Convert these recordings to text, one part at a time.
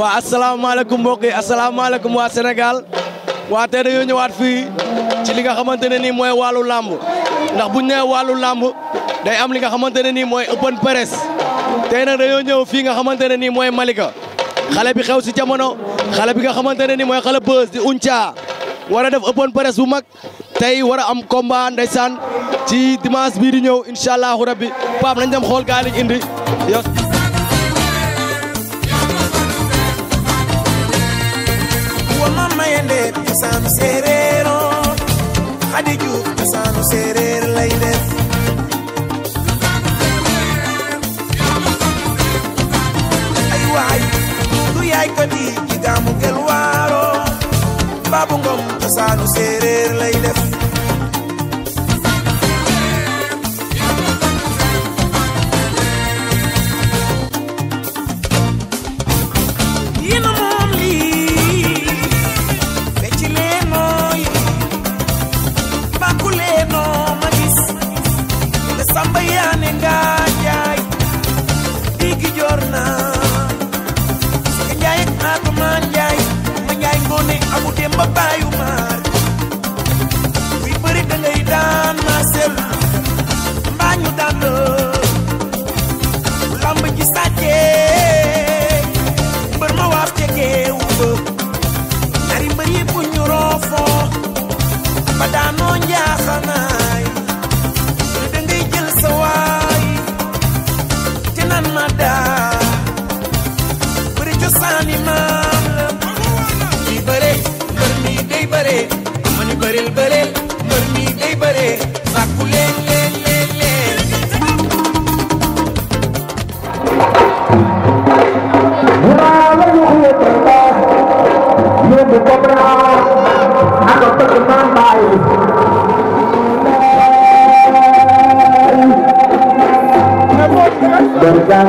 waa asalaamaaleykum mbokk yi asalaamaaleykum waa Sénégal waa tey dañoo ñëwaat fii ci li nga xamante ne nii mooy wàllu làmb ndax bu ñu nee wàllu làmb day am li nga xamante ne nii mooy ëppan press tey nag dañoo ñëw fii nga xamante ne nii mooy Malika xale bi xew si jamono xale bi nga xamante ne nii mooy xale bës di Unca war a def open press bu mag tey war a am combat ndeysaan ci dimas bii di ñëw incha allahu rabbi Pape nañ dem xool gaa indi gaynde cosaanu séeréero Xadi Juuf séeréer lay def ay waay du yaay ko di ci gaamu gel waaro séeréer lay ne ngaa jaay digi joor naa saka a ak naatu maa njaay ma njaay ngoone abu demba baayu maar mbër mi day bëree sàkku leen leen leen leen. waaw la ñu xëyee tey daal yóbbu ko bravo ak bëgg naa bàyyi. Berkah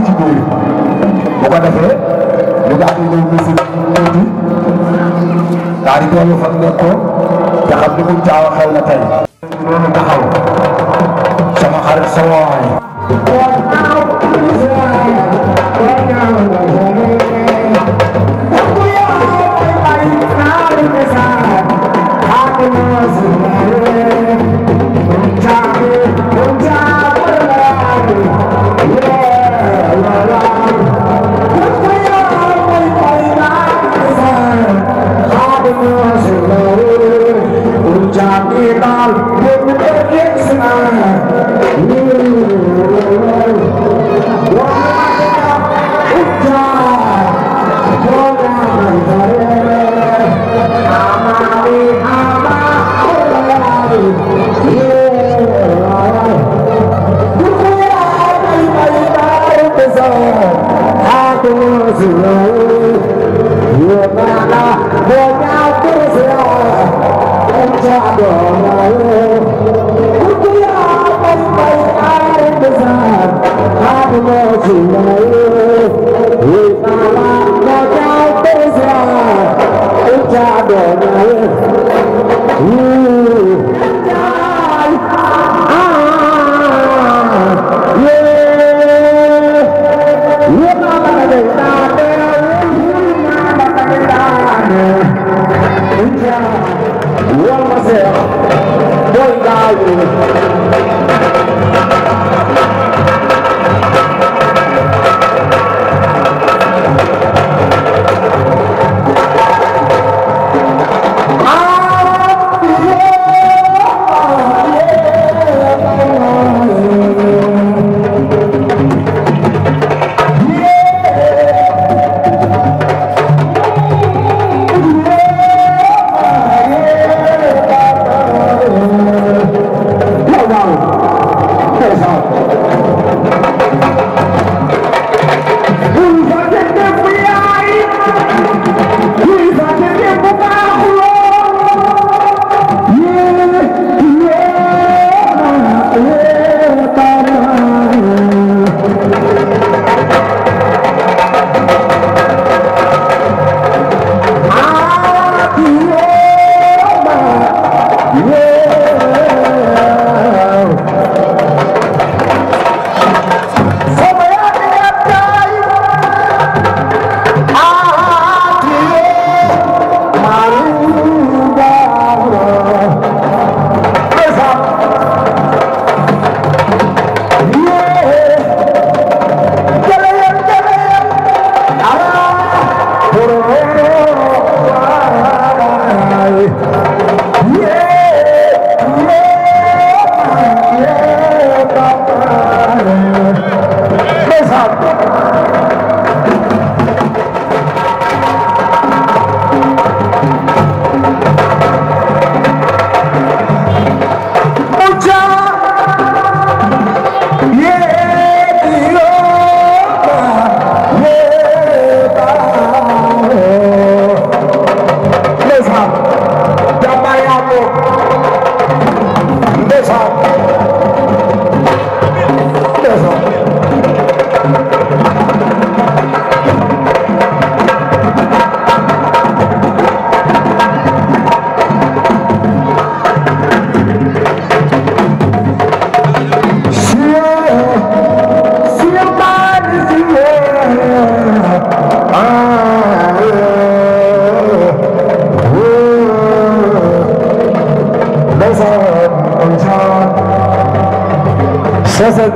ngi ci biir bu ko defee ñu daal di ñëw ñu si tuuti daal di dellu fa nekkoon te xam ni mu caaw xew na tey. noonu taxaw sama xarit sa waay. Israel. Thank you.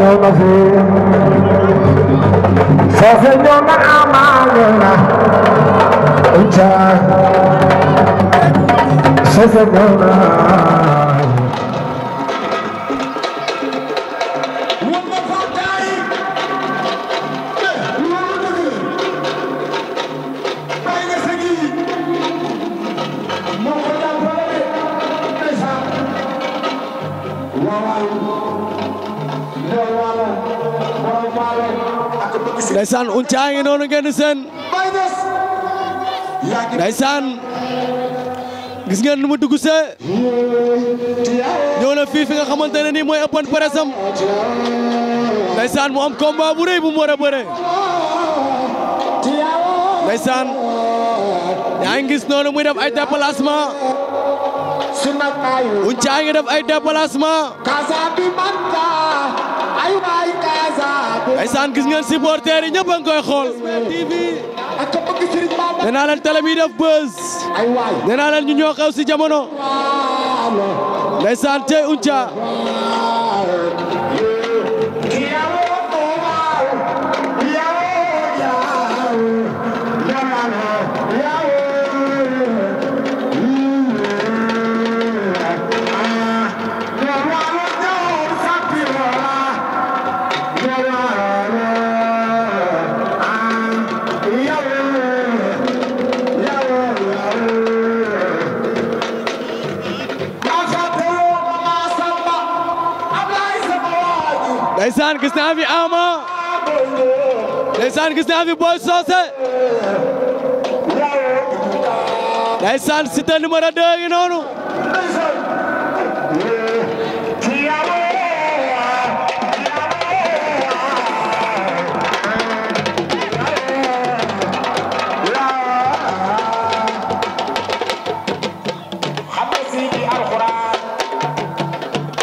ñëw na fi soose ñëw na amaa ñëw na uca soose ñëw na ndeysaan uncaa ngi noonu ngeen seen ndeysaan gis ngeen nu mu dugg see ñëw na fi nga xamante ne nii mooy ëppan presam ndeysaan mu am combat bu rëy bu mu war a bëre ndeysaan yaa ngi gis noonu muy def ay déplacement uncaa ngi def ay déplacement ndeysaan gis ngeen supporters yi ñëpp a ngi koy xool naa leen télé bi def naa leen ñu ñoo xew si jamono ndeysaan tey unca ndeysaan gis naa fi Ama ndeysaan gis naa fi Boy Socé ndeysaan Siteu numéro 2 ngi noonu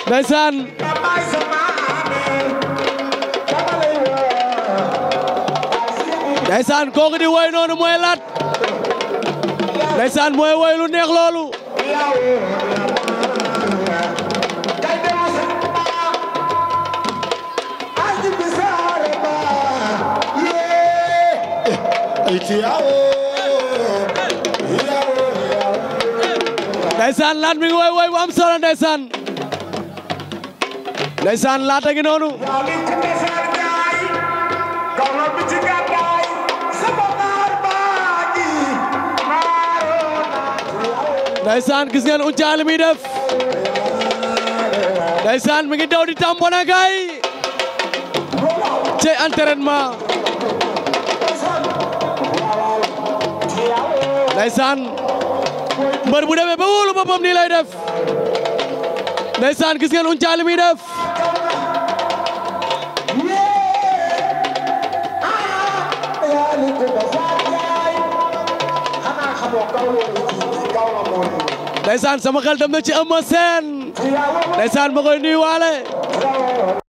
ndeysaan ndeysaan kooku di woy noonu mooy Lat ndeysaan mooy woy lu neex loolu ndeysaan Lat mi ngi woy woy bu am solo ndeysaan a ngi noonu ndaysaan gis ngeen Ounthia li muy def ndaysaan mi ngi daw di tamponné kay ci entraînement mbër bu demee ba wóolu boppam nii lay def ndaysaan gis ngeen Ounthia li def ndeysaan sama xel dem na ci Eumeu Sène ndeysaan ma koy nuyuwaale